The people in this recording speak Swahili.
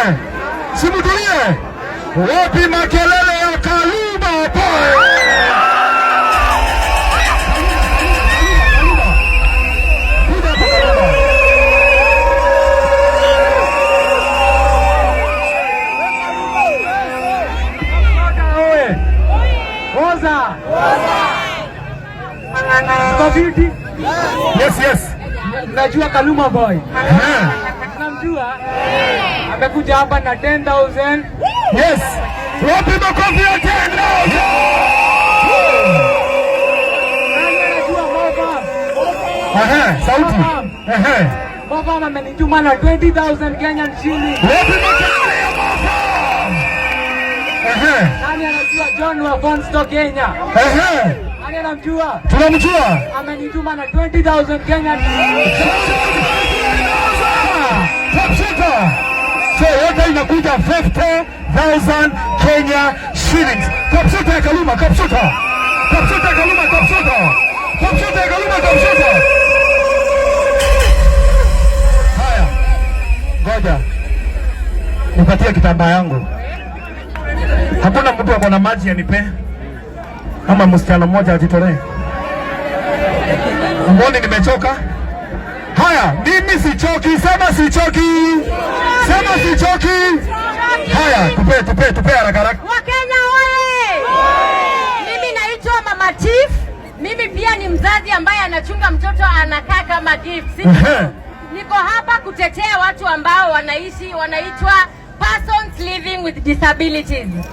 Simutulie, simutulie. Wapi makelele ya Kaluma boy? Yes, yes. Najua Kaluma boy. Tunamjua, amekuja hapa na 10000. Yes, wapi makofi ya 10000? Sauti baba amenituma na 20000 Kenyan shilling. Wapi makofi ya baba? Nani anajua John wa Fonsto Kenya? Nani anamjua? Tunamjua, amenituma na 20000 Kenyan shilling. So yote eh, inakuja 50,000 Kenya shillings. Kapsuta ya Kaluma, kapsuta. Kapsuta ya Kaluma, kapsuta. Kapsuta ya Kaluma, kapsuta. Haya. Ngoja. Nipatie kitambaa yangu. Hakuna mtu akona maji anipe. Ama msichana mmoja ajitolee. Mboni nimechoka? Haya, mimi sichoki, sema sichoki. Sema si choki. Haya, tupe tupe tupe haraka haraka. Wakenya wewe. Mimi naitwa Mama Chief. Mimi pia ni mzazi ambaye anachunga mtoto anakaa kama gift. Niko hapa kutetea watu ambao wanaishi wanaitwa persons living with disabilities.